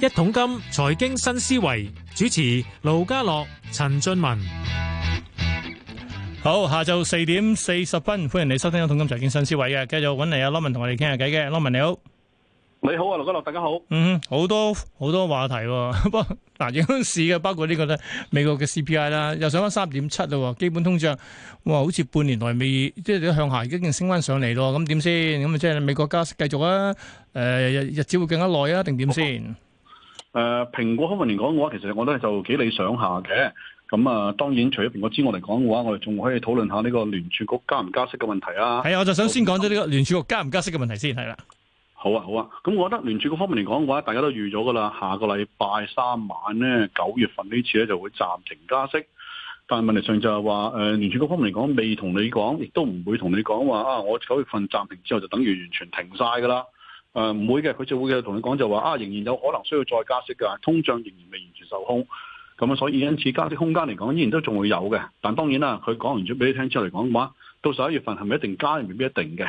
一桶金財經新思維，主持盧家樂、陳俊文，好，下晝四點四十分，歡迎你收聽一桶金財經新思維嘅，繼續揾嚟阿羅文同我哋傾下偈嘅，l 羅文你好。你好啊，劉家樂，大家好。嗯，好多好多話題，啊，不過嗱影響市嘅，包括個呢個咧，美國嘅 CPI 啦，又上翻三點七嘞，基本通脹哇，好似半年來未即係向下，已經勁升翻上嚟咯，咁點先？咁啊，即係美國加息繼續啊？誒、呃，日日子會更加耐啊？定點先？誒，蘋、呃、果方面嚟講嘅話，其實我咧就幾理想下嘅。咁啊，當然除咗蘋果之外嚟講嘅話，我哋仲可以討論下呢個聯儲局加唔加息嘅問題啊。係啊，我就想先講咗呢個聯儲局加唔加息嘅問題先，啊，係啦，嗯。嗯好啊，好啊。咁我覺得聯儲局方面嚟講嘅話，大家都預咗噶啦。下個禮拜三晚咧，九月份呢次咧就會暫停加息。但係問題上就係話，誒聯儲局方面嚟講，未同你講，亦都唔會同你講話啊。我九月份暫停之後，就等於完全停晒噶啦。誒、啊、唔會嘅，佢就會同你講就話啊，仍然有可能需要再加息嘅。通脹仍然未完全受控。咁啊，所以因此加息空間嚟講，依然都仲會有嘅。但係當然啦，佢講完咗俾你聽之後嚟講嘅話，到十一月份係咪一定加，未必一定嘅。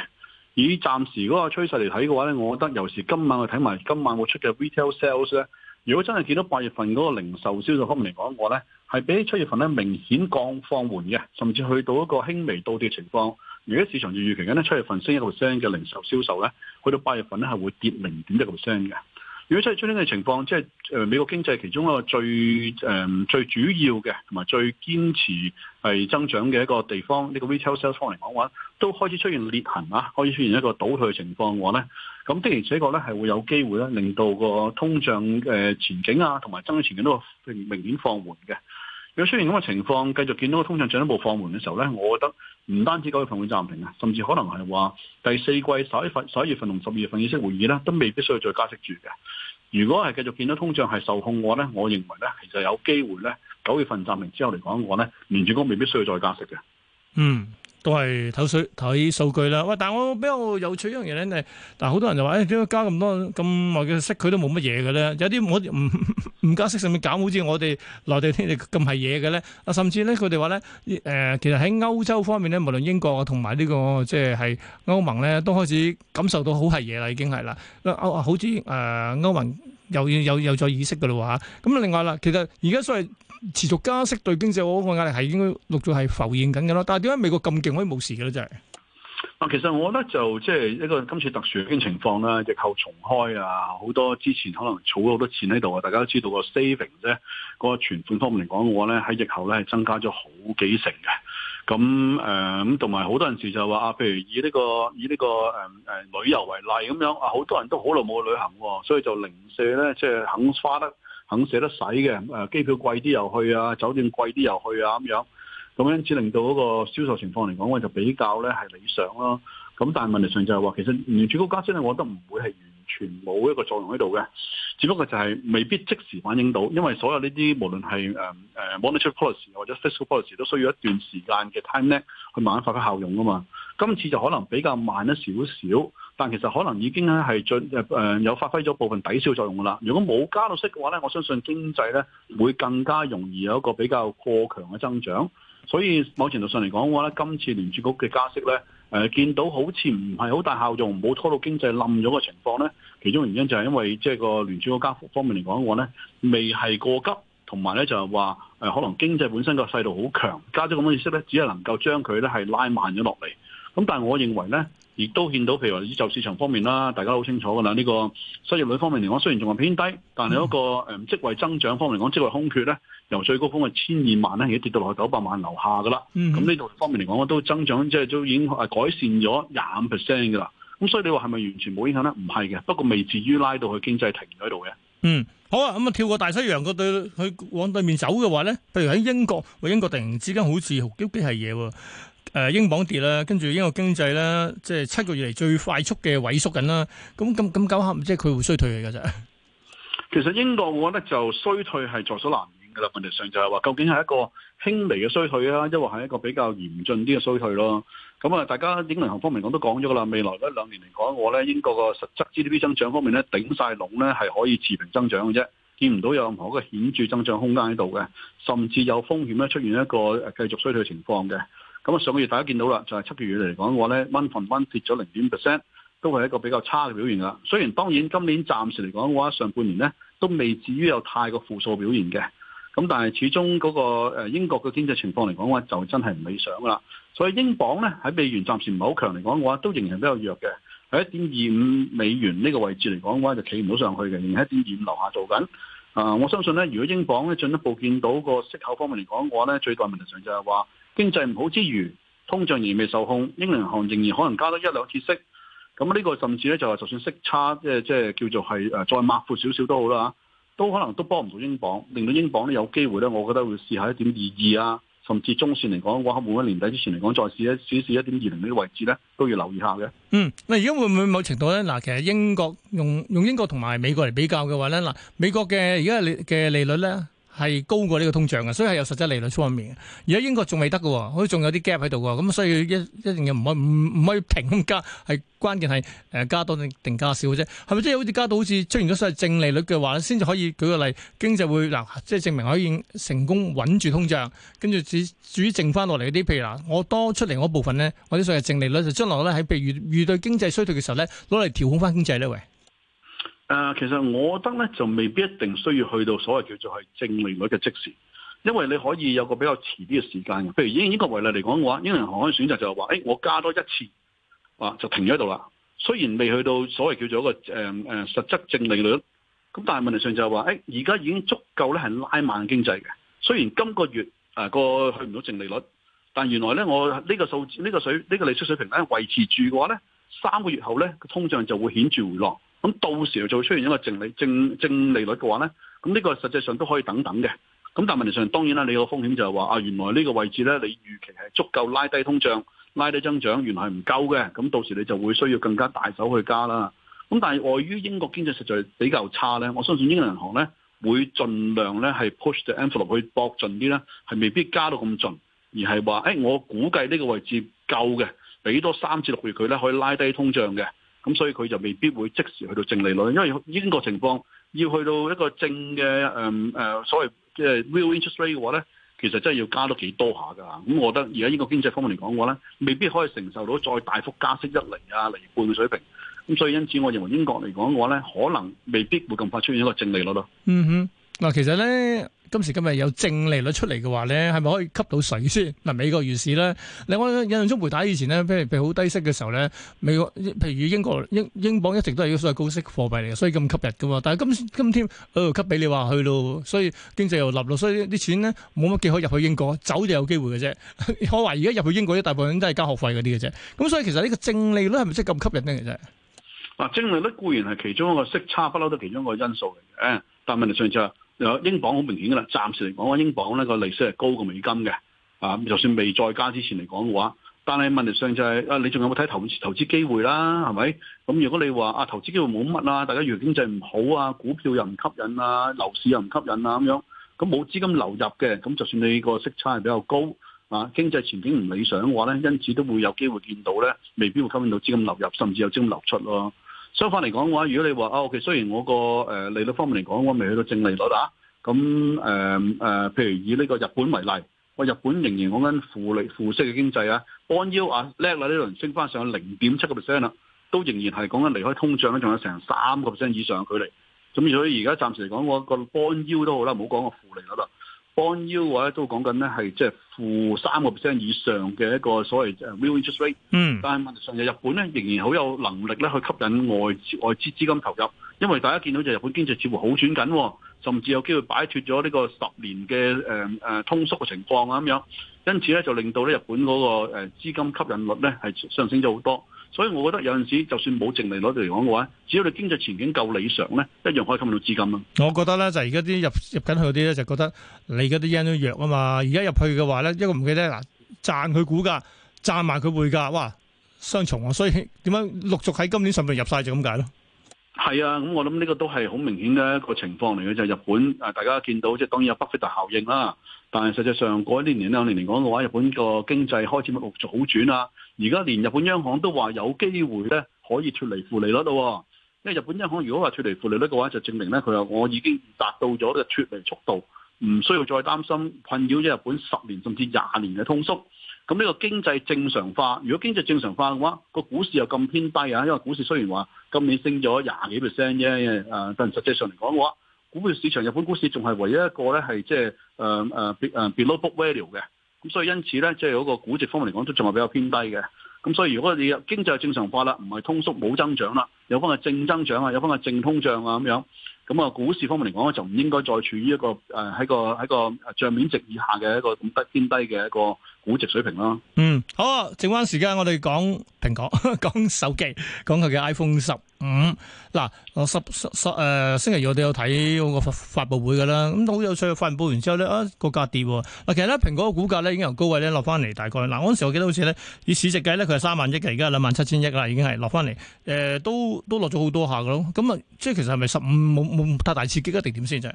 以暫時嗰個趨勢嚟睇嘅話咧，我覺得由時今晚去睇埋今晚我出嘅 Retail Sales 咧，如果真係見到八月份嗰個零售銷售方面嚟講，我咧係比起七月份咧明顯降放緩嘅，甚至去到一個輕微倒跌嘅情況。如果市場要預期緊咧，七月份升一個 percent 嘅零售銷售咧，去到八月份咧係會跌零點一個 percent 嘅。如果真係出現嘅情況，即係誒美國經濟其中一個最誒、呃、最主要嘅同埋最堅持係增長嘅一個地方，呢、呢個 retail sales 嚟講話，都開始出現裂痕啊，開始出現一個倒退嘅情況嘅話咧，咁的而且確咧係會有機會咧，令到個通脹嘅前景啊，同埋增長前景都明明顯放緩嘅。有出現咁嘅情況，繼續見到個通脹進一步放緩嘅時候咧，我覺得唔單止九月份會暫停啊，甚至可能係話第四季十一份十一月份同十二月份議息會議咧，都未必需要再加息住嘅。如果係繼續見到通脹係受控嘅話咧，我認為咧其實有機會咧，九月份暫停之後嚟講我咧，連住工未必需要再加息嘅。嗯。都係睇水睇數據啦，喂！但係我比較有趣一樣嘢咧，但係好多人就話誒點解加咁多咁耐嘅息佢都冇乜嘢嘅咧？有啲我唔唔加息上面減，好似我哋內地天氣咁係嘢嘅咧。啊，甚至咧佢哋話咧誒，其實喺歐洲方面咧，無論英國啊同埋呢個即係係歐盟咧，都開始感受到好係嘢啦，已經係啦。歐好似誒、呃、歐盟有有有咗意識嘅咯喎吓。咁另外啦，其實而家所謂。持續加息對經濟嗰個壓力係應該陸續係浮現緊嘅咯，但係點解美國咁勁可以冇事嘅咧？真係啊，其實我覺得就即係、就是、一個今次特殊嘅情況啦，疫後重開啊，好多之前可能儲咗好多錢喺度啊，大家都知道個 saving 啫，嗰個存款方面嚟講嘅話咧，喺疫後咧係增加咗好幾成嘅。咁誒咁，同埋好多人士就話啊，譬如以呢、這個以呢、這個誒誒、呃呃、旅遊為例咁樣啊，好多人都好耐冇去旅行喎，所以就零舍咧，即、就、係、是、肯花得。肯捨得使嘅，誒、啊、機票貴啲又去啊，酒店貴啲又去啊，咁樣，咁樣至令到嗰個銷售情況嚟講，我就比較咧係理想咯。咁但係問題上就係話，其實原住高加薪咧，我覺得唔會係完全冇一個作用喺度嘅，只不過就係未必即時反映到，因為所有呢啲無論係誒誒、呃、monetary policy 或者 fiscal policy 都需要一段時間嘅 time lag 去慢慢發揮效用噶嘛。今次就可能比較慢一少少。但其實可能已經咧係進誒有發揮咗部分抵消作用噶啦。如果冇加到息嘅話咧，我相信經濟咧會更加容易有一個比較過強嘅增長。所以某程度上嚟講嘅話咧，今次聯儲局嘅加息咧，誒見到好似唔係好大效用，唔好拖到經濟冧咗嘅情況咧，其中原因就係因為即係個聯儲局加幅方面嚟講嘅話咧，未係過急，同埋咧就係話誒可能經濟本身個勢度好強，加咗咁多息咧，只係能夠將佢咧係拉慢咗落嚟。咁但係我認為咧。亦都見到，譬如話就業市場方面啦，大家好清楚㗎啦。呢個失業率方面嚟講，雖然仲係偏低，但係嗰個誒職位增長方面嚟講，職位空缺咧由最高峰嘅千二萬咧，已經跌到落去九百萬樓下㗎啦。咁呢度方面嚟講，都增長即係都已經改善咗廿五 percent 㗎啦。咁所以你話係咪完全冇影響咧？唔係嘅，不過未至於拉到佢經濟停喺度嘅。嗯，好啊，咁啊跳過大西洋嗰對，佢往對面走嘅話咧，譬如喺英國，話英國突然之間好似好幾係嘢喎。誒英鎊跌啦，跟住英國經濟咧，即係七個月嚟最快速嘅萎縮緊啦。咁咁咁搞下，即係佢會衰退嘅啫。其實英國我覺得就衰退係在所難免噶啦。問題上就係話，究竟係一個輕微嘅衰退啦，抑或係一個比較嚴峻啲嘅衰退咯。咁啊，大家影銀行方面我都講咗噶啦。未來一兩年嚟講我呢，我咧英國個實質 GDP 增長方面咧，頂晒籠咧係可以持平增長嘅啫，見唔到有任何嘅顯著增長空間喺度嘅，甚至有風險咧出現一個繼續衰退情況嘅。咁上個月大家見到啦，就係七月月嚟講嘅話咧，溫份溫跌咗零點 percent，都係一個比較差嘅表現啦。雖然當然今年暫時嚟講嘅話，上半年咧都未至於有太過負數表現嘅。咁但係始終嗰個英國嘅經濟情況嚟講嘅話，就真係唔理想噶啦。所以英鎊咧喺美元暫時唔係好強嚟講嘅話，都仍然比較弱嘅，喺一點二五美元呢個位置嚟講嘅話就企唔到上去嘅，仍然喺一點二五樓下做緊。啊，我相信咧，如果英鎊咧進一步見到個息口方面嚟講嘅話咧，最大問題上就係話。經濟唔好之餘，通脹仍未受控，英聯行仍然可能加多一兩次息。咁、這、呢個甚至咧就係就算息差，即係即係叫做係誒再擘闊少少都好啦，都可能都幫唔到英鎊，令到英鎊咧有機會咧，我覺得會試一下一點二二啊，甚至中線嚟講，我喺每一年底之前嚟講再試一試一點二零呢啲位置咧，都要留意下嘅。嗯，嗱，而家會唔會某程度咧？嗱，其實英國用用英國同埋美國嚟比較嘅話咧，嗱，美國嘅而家利嘅利率咧。係高過呢個通脹嘅，所以係有實質利率出面。而家英國仲未得嘅，好似仲有啲 gap 喺度嘅，咁所以一一定要唔可唔唔可以停加，係關鍵係誒、呃、加多定加少嘅啫。係咪即係好似加到好似出現咗所謂正利率嘅話，先至可以舉個例，經濟會嗱、呃、即係證明可以成功穩住通脹。跟住至於剩翻落嚟嗰啲，譬如嗱，我多出嚟嗰部分咧，或者所謂正利率就將來咧喺譬如遇遇到經濟衰退嘅時候咧，攞嚟調控翻經濟咧，喂。誒、呃，其實我覺得咧就未必一定需要去到所謂叫做係正利率嘅即時，因為你可以有個比較遲啲嘅時間嘅。譬如以英國為例嚟講嘅話，英格蘭銀行可以選擇就係話，誒，我加多一次，哇、啊，就停咗喺度啦。雖然未去到所謂叫做一個誒誒、呃、實質正利率，咁但係問題上就係話，誒，而家已經足夠咧係拉慢經濟嘅。雖然今個月誒個、呃、去唔到正利率，但原來咧我呢個數字、呢、呢個水、呢、呢個利息水平咧維持住嘅話咧，三個月後咧通脹就會顯著回落。咁到時就會出現一個正利正正利率嘅話咧，咁呢個實際上都可以等等嘅。咁但問題上當然啦，你個風險就係話啊，原來呢個位置咧，你預期係足夠拉低通脹、拉低增長，原來係唔夠嘅。咁到時你就會需要更加大手去加啦。咁但係礙於英國經濟實在比較差咧，我相信英國銀行咧會盡量咧係 push the envelope 去搏盡啲咧，係未必加到咁盡，而係話誒，我估計呢個位置夠嘅，俾多三至六月佢咧可以拉低通脹嘅。咁所以佢就未必會即時去到正利率，因為英國情況要去到一個正嘅誒誒所謂即係 real interest rate 嘅話咧，其實真係要加多幾多下㗎。咁、嗯、我覺得而家英國經濟方面嚟講嘅話咧，未必可以承受到再大幅加息一釐啊、釐半嘅水平。咁、嗯、所以因此，我認為英國嚟講嘅話咧，可能未必會咁快出現一個正利率咯。嗯哼，嗱其實咧。今時今日有正利率出嚟嘅話咧，係咪可以吸到水先？嗱，美國元市咧，另外印象中回打以前咧，譬如譬好低息嘅時候咧，美國譬如英國英英鎊一直都係一個所謂高息貨幣嚟嘅，所以咁吸引噶嘛。但係今今天誒、哦、吸俾你話去咯，所以經濟又立落，所以啲錢咧冇乜幾可以入去英國，走就有機會嘅啫。 我話而家入去英國，啲大部分都係交學費嗰啲嘅啫。咁所以其實呢個正利率係咪真咁吸引呢？其實啊，正利率固然係其中一個息差，不嬲都其中一個因素嚟嘅。但問題上英鎊好明顯噶啦，暫時嚟講啊，英鎊咧個利息係高過美金嘅，啊，就算未再加之前嚟講嘅話，但係問題上就係啊，你仲有冇睇投資投資機會啦？係咪？咁如果你話啊，投資機會冇乜啦，大家原來經濟唔好啊，股票又唔吸引啊，樓市又唔吸引啊咁樣，咁冇資金流入嘅，咁就算你個息差係比較高啊，經濟前景唔理想嘅話咧，因此都會有機會見到咧，未必會吸引到資金流入，甚至有資金流出咯。啊相反嚟講嘅話，如果你話哦，其實，okay，雖然我個誒利率方面嚟講，我未去到正利率啊。咁誒誒，譬如以呢個日本為例，我日本仍然講緊負利負息嘅經濟幫腰啊，on U 啊叻啦，呢輪升翻上零點七個 percent 啦，都仍然係講緊離開通脹咧，仲有成三個 percent 以上距離。咁所以而家暫時嚟講，我個 on U 都好啦，唔好講個負利率啦。幫 U 嘅話咧，都講緊咧係即係負三個 percent 以上嘅一個所謂誒 real interest rate。嗯，但係問題上嘅日本咧，仍然好有能力咧去吸引外資外資資金投入，因為大家見到就日本經濟似乎好轉緊，甚至有機會擺脱咗呢個十年嘅誒誒通縮嘅情況啊咁樣，因此咧就令到咧日本嗰個誒資金吸引率咧係上升咗好多。所以，我覺得有陣時，就算冇淨利攞嚟講嘅話，只要你經濟前景夠理想咧，一樣可以吸到資金咯。我覺得咧，就係而家啲入入緊去嗰啲咧，就覺得你啲人都弱啊嘛。而家入去嘅話咧，一個唔記得嗱，賺佢股價，賺埋佢匯價，哇，雙重啊！所以點解陸續喺今年上面入晒就咁解咧？係啊，咁、嗯、我諗呢個都係好明顯嘅一個情況嚟嘅，就係、是、日本啊，大家見到即係當然有巴菲特效應啦。但係實際上嗰一年咧，兩年嚟講嘅話，日本個經濟開始逐步好轉啦。而家連日本央行都話有機會咧，可以脫離負利率咯。因為日本央行如果話脫離負利率嘅話，就證明咧佢話我已經達到咗個脫離速度，唔需要再擔心困擾咗日本十年甚至廿年嘅通縮。咁呢個經濟正常化，如果經濟正常化嘅話，個股市又咁偏低啊。因為股市雖然話今年升咗廿幾 percent 啫，啊，但實際上嚟講嘅話，股票市場，日本股市仲係唯一一個咧，係即係誒誒誒 below book value 嘅，咁所以因此咧，即係嗰個估值方面嚟講，都仲係比較偏低嘅。咁所以如果你經濟正常化啦，唔係通縮冇增長啦，有翻個正增長啊，有翻個正通脹啊咁樣，咁、嗯、啊股市方面嚟講咧，就唔應該再處於一個誒喺、呃、個喺個帳面值以下嘅一個咁低偏低嘅一個估值水平咯。嗯，好，剩翻時間我哋講蘋果，講手機，講佢嘅 iPhone 十五嗱、嗯，十十十誒、呃，星期二我哋有睇嗰個發發佈會噶啦，咁、嗯、好有趣啊！發佈完之後咧，啊，股價跌喎。嗱，其實咧，蘋果嘅股價咧已經由高位咧落翻嚟，大概嗱，我、啊、嗰時我記得好似咧以市值計咧，佢係三萬億嘅，而家兩萬七千億啦，已經係落翻嚟，誒、呃，都都落咗好多下噶咯。咁、嗯、啊，即係其實係咪十五冇冇太大刺激啊？定點先啫？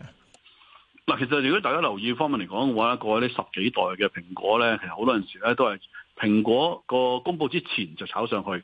嗱，其實如果大家留意方面嚟講嘅話各位呢，十幾代嘅蘋果咧，其實好多陣時咧都係蘋果個公佈之前就炒上去。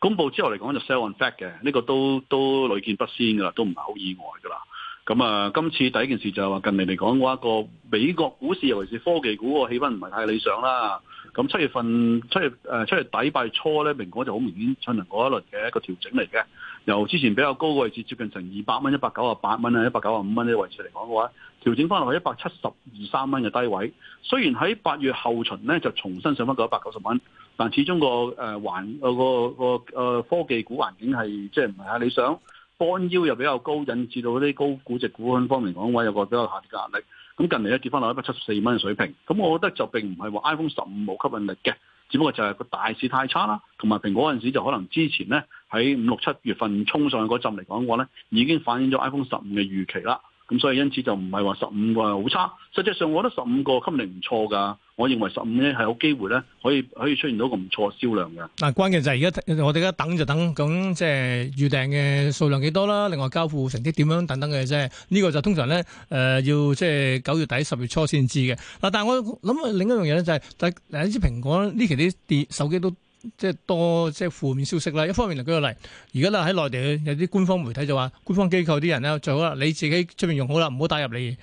公布之後嚟講就 sell on fact 嘅，呢、這個都都屢見不鮮噶啦，都唔係好意外噶啦。咁、嗯、啊，今次第一件事就係話近嚟嚟講嘅話，個美國股市尤其是科技股個氣氛唔係太理想啦。咁七月份、七月誒、呃、七月底、八月初咧，蘋果就好明顯進行過一輪嘅一個調整嚟嘅。由之前比較高嘅位置，接近成二百蚊、一百九十八蚊啊、一百九十五蚊呢個位置嚟講嘅話，調整翻落去一百七十二三蚊嘅低位。雖然喺八月後旬咧，就重新上翻到一百九十蚊。但始終個誒環個個個科技股環境係即係唔係幾理想，bond yield 又比較高，引致到啲高估值股份方面嚟講嘅話有個比較下跌嘅壓力。咁近嚟咧跌翻落一百七十四蚊嘅水平。咁我覺得就並唔係話 iPhone 十五冇吸引力嘅，只不過就係個大市太差啦，同埋蘋果嗰陣時就可能之前咧喺五六七月份衝上去嗰陣嚟講嘅話咧，已經反映咗 iPhone 十五嘅預期啦。咁所以因此就唔係話十五個係好差，實際上我覺得十五個吸力唔錯㗎。我認為十五咧係有機會咧可以可以出現到個唔錯銷量㗎。嗱，關鍵就係而家我哋而家等就等，咁即係預訂嘅數量幾多啦，另外交付成績點樣等等嘅啫。呢個就通常咧誒要即係九月底十月初先知嘅。嗱，但係我諗另一樣嘢咧就係，但係呢支蘋果呢期啲電手機都。即係多即係負面消息啦。一方面嚟舉個例，而家啦喺內地有啲官方媒體就話，官方機構啲人咧最好啦，你自己出面用好啦，唔好帶入嚟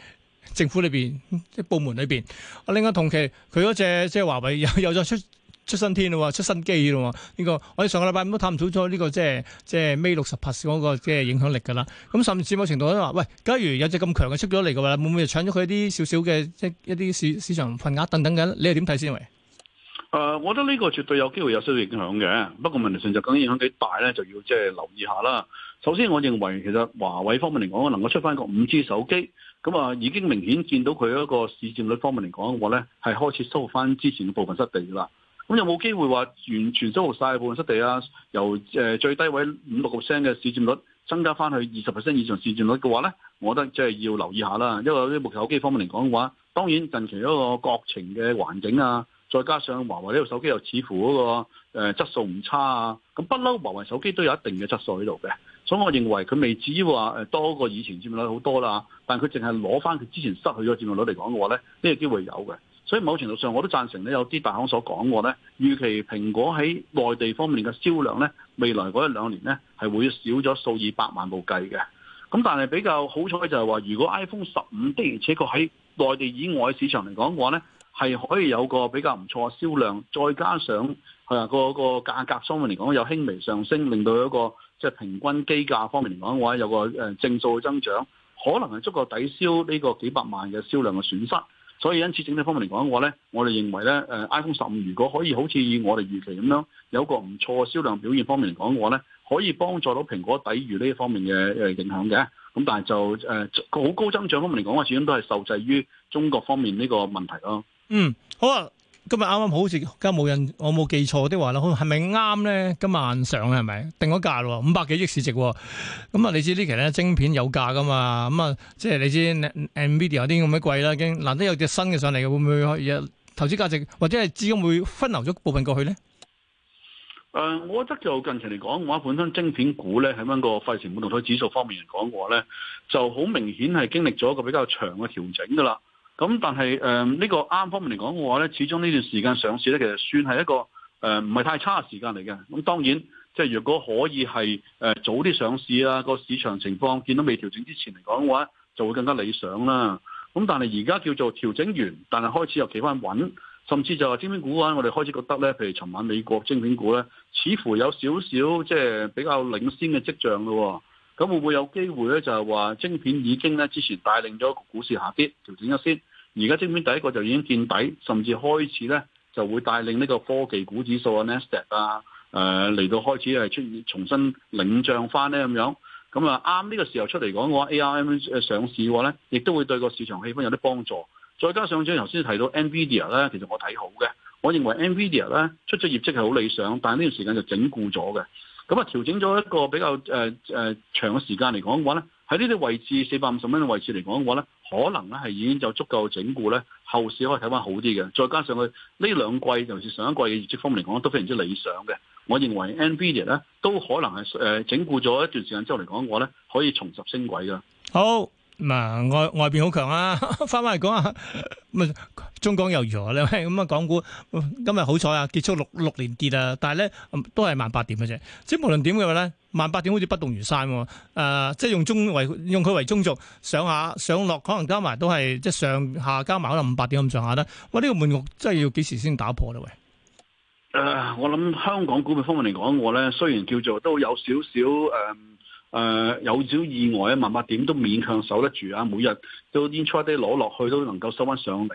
政府裏邊、即部門裏邊。我另外同期佢嗰隻即係華為又又再出出新天啦喎，出新機啦喎。呢、呢個我哋上個禮拜都探討咗呢個即係即係 Mate 六十 Plus 嗰個即係影響力㗎啦。咁甚至某程度都話，喂，假如有隻咁強嘅出咗嚟嘅話，會唔會搶咗佢啲少少嘅一小小即一啲市市場份額等等嘅？你係點睇先？喂？誒，我覺得呢個絕對有機會有少少影響嘅，不過問題上就究竟影響幾大咧，就要即係留意下啦。首先，我認為其實華為方面嚟講，我能夠出翻個五 G 手機，咁啊已經明顯見到佢一個市占率方面嚟講嘅話咧，係開始收復翻之前部分失地啦。咁有冇機會話完全收復晒部分失地啊？由誒最低位五六 percent 嘅市占率增加翻去二十 percent 以上市占率嘅話咧，我覺得即係要留意下啦。因為呢部手機方面嚟講嘅話，當然近期一個國情嘅環境啊。再加上華為呢個手機又似乎嗰、那個誒、呃、質素唔差啊，咁不嬲華為手機都有一定嘅質素喺度嘅，所以我認為佢未至於話誒多過以前佔用率好多啦，但佢淨係攞翻佢之前失去咗佔用率嚟講嘅話咧，呢、這個機會有嘅。所以某程度上我都贊成咧，有啲大行所講過咧，預期蘋果喺內地方面嘅銷量咧，未來嗰一兩年咧係會少咗數以百萬部計嘅。咁但係比較好彩嘅就係話，如果 iPhone 十五的而且確喺內地以外市場嚟講嘅話咧。係可以有個比較唔錯嘅銷量，再加上誒、啊、個個價格方面嚟講有輕微上升，令到一個即係平均機價方面嚟講嘅話，有個誒正數嘅增長，可能係足夠抵消呢個幾百萬嘅銷量嘅損失。所以因此整體方面嚟講嘅話咧，我哋認為咧誒、啊、iPhone 十五如果可以好似以我哋預期咁樣有個唔錯嘅銷量表現方面嚟講嘅話咧，可以幫助到蘋果抵禦呢一方面嘅誒影響嘅。咁但係就誒好、啊、高增長方面嚟講嘅話，始終都係受制於中國方面呢個問題咯。嗯，好啊！今日啱啱好似，而家冇人，我冇記錯的話啦，係咪啱咧？今晚上係咪？定咗價咯，五百幾億市值，哦。咁、嗯、啊，你知期呢，期咧晶片有價噶嘛？咁、嗯、啊，即係你知，Nvidia 啲咁樣貴啦，已經難得有隻新嘅上嚟，會唔會可以投資價值，或者係資金會分流咗部分過去咧？誒、呃，我覺得就近期嚟講，話本身晶片股咧喺翻個費城半導體指數方面嚟講嘅話咧，就好明顯係經歷咗一個比較長嘅調整噶啦。咁但係誒呢個啱方面嚟講嘅話呢始終呢段時間上市呢，其實算係一個誒唔係太差嘅時間嚟嘅。咁、嗯、當然即係、就是、如果可以係誒、呃、早啲上市啦，個、啊、市場情況見到未調整之前嚟講嘅話，就會更加理想啦。咁、嗯、但係而家叫做調整完，但係開始又企翻穩，甚至就話晶片股嘅話，我哋開始覺得呢，譬如尋晚美國晶片股呢，似乎有少少即係、就是、比較領先嘅跡象咯、哦。咁會唔會有機會咧？就係話晶片已經咧之前帶領咗個股市下跌調整咗先，而家晶片第一個就已經見底，甚至開始咧就會帶領呢個科技股指數啊、納斯達克啊，誒嚟到開始係出現重新領漲翻咧咁樣。咁啊啱呢個時候出嚟講嘅話，ARM 上市咧，亦都會對個市場氣氛有啲幫助。再加上咗頭先提到 NVIDIA 咧，其實我睇好嘅，我認為 NVIDIA 咧出咗業績係好理想，但係呢段時間就整固咗嘅。咁啊，調整咗一個比較誒誒、呃呃、長嘅時間嚟講嘅話咧，喺呢啲位置四百五十蚊嘅位置嚟講嘅話咧，可能咧係已經就足夠整固咧，後市可以睇翻好啲嘅。再加上佢呢兩季尤其上一季嘅業績方面嚟講都非常之理想嘅，我認為 Nvidia 咧都可能係誒整固咗一段時間之後嚟講嘅話咧，可以重拾升軌噶。好。咁、嗯、外外邊好強啊！翻翻嚟講下。中港又如何咧？咁啊，港股今日好彩啊，結束六六連跌啊，但係咧都係萬八點嘅啫。即係無論點嘅話咧，萬八點好似不動如山。誒、呃，即係用中為用佢為中軸上下上落，可能加埋都係即係上下加埋可能五百點咁上下啦。哇，呢個悶局真係要幾時先打破咧？喂，誒，我諗香港股嘅方面嚟講，我咧雖然叫做都有少少誒。呃誒、uh, 有少意外啊，慢慢點都勉強守得住啊！每日都 e n 一攞落去，都能夠收翻上嚟。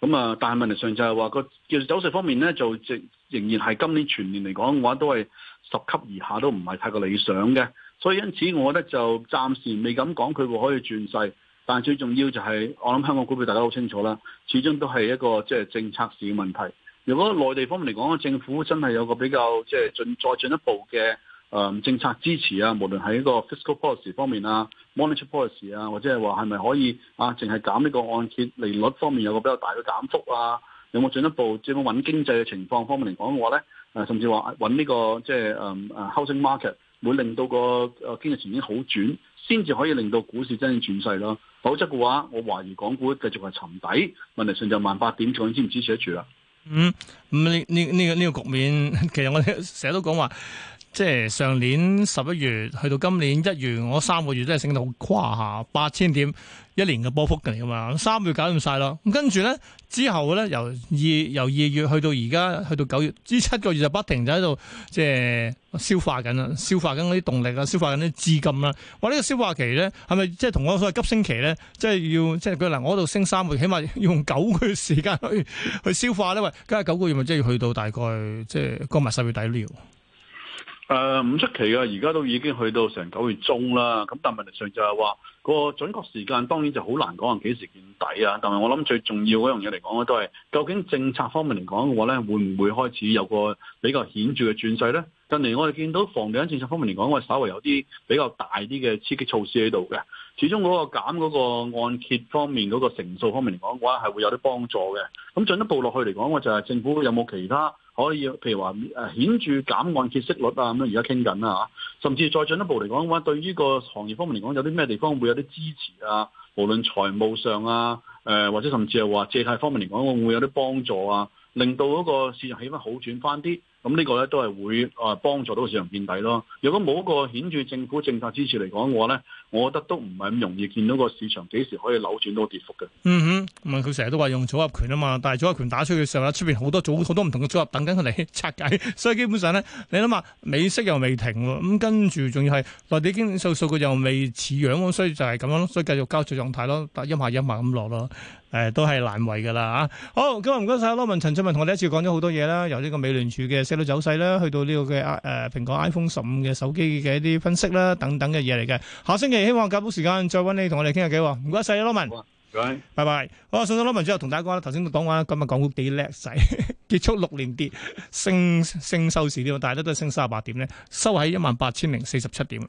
咁、嗯、啊，但係問題上就係話、嗰個叫走勢方面呢，就仍仍然係今年全年嚟講嘅話，都係十級以下都唔係太過理想嘅。所以因此，我覺得就暫時未敢講佢會可以轉勢。但係最重要就係我諗香港股票大家好清楚啦，始終都係一個即係、就是、政策市嘅問題。如果內地方面嚟講，政府真係有個比較即係、就是、進再進一步嘅。誒，政策支持啊，無論喺個 fiscal policy 方面啊，monetary policy 啊，或者係話係咪可以啊，淨係減呢個按揭利率方面有個比較大嘅減幅啊，有冇進一步即係穩經濟嘅情況方面嚟講嘅話咧，誒、啊，甚至話穩呢個即係誒誒 housing market 會令到個誒經濟前景好轉，先至可以令到股市真正轉勢咯，否則嘅話，我懷疑港股繼續係沉底，問題上就萬八點，仲支唔支持得住啦、啊嗯？嗯，咁呢呢呢個呢、這個局面，其實我哋成日都講話。即係上年十一月去到今年一月，我三個月真係升到好誇下，八千點一年嘅波幅嚟噶嘛，三個月搞掂晒啦。咁跟住咧，之後咧由二由二月去到而家去到九月，呢七個月就不停就喺度即係消化緊啦，消化緊啲動力啊，消化緊啲資金啦。喂，呢個消化期咧係咪即係同我所謂急升期咧，即係要即係佢嗱我度升三個月，起碼用九個月時間去去消化咧？喂，家下九個月咪即係要去到大概即係過埋十月底料。誒，唔出、呃、奇嘅，而家都已經去到成九月中啦。咁但係問題上就係話，個準確時間當然就好難講，幾時見底啊？但係我諗最重要嗰樣嘢嚟講咧，都係究竟政策方面嚟講嘅話咧，會唔會開始有個比較顯著嘅轉勢咧？近嚟我哋見到房地產政策方面嚟講，我係稍微有啲比較大啲嘅刺激措施喺度嘅。始終嗰個減嗰個按揭方面嗰個成數方面嚟講嘅話，係會有啲幫助嘅。咁進一步落去嚟講，我就係政府有冇其他？可以，譬如話誒顯著減按揭息率啊，咁樣而家傾緊啦，甚至再進一步嚟講嘅話，對於個行業方面嚟講，有啲咩地方會有啲支持啊？無論財務上啊，誒或者甚至係話借貸方面嚟講，會唔會有啲幫助啊？令到嗰個市場氣氛好轉翻啲。咁呢個咧都係會啊幫助到市場見底咯。如果冇一個顯著政府政策支持嚟講嘅話咧，我覺得都唔係咁容易見到個市場幾時可以扭轉到跌幅嘅。嗯哼，咁啊佢成日都話用組合拳啊嘛，但係組合拳打出嘅時候，出邊好多組好多唔同嘅組合等緊佢嚟拆解， 所以基本上咧，你諗下美息又未停喎，咁跟住仲要係內地經濟數數據又未似樣，所以就係咁樣咯，所以繼續膠著狀態咯，一下一下咁落咯，誒、哎、都係難為㗎啦啊！好，今日唔該晒啦，羅文陳俊文同我哋一次講咗好多嘢啦，由呢個美聯儲嘅。嘅走勢啦，去到呢個嘅誒蘋果 iPhone 十五嘅手機嘅一啲分析啦，等等嘅嘢嚟嘅。下星期希望夾到時間再揾你同我哋傾下偈喎。唔該晒，羅文。好啊，拜拜。好啊，送咗羅文，之後同大家講啦。頭先講話今日港股幾叻仔，結束六年跌升升收市點，但係都係升三十八點咧，收喺一萬八千零四十七點。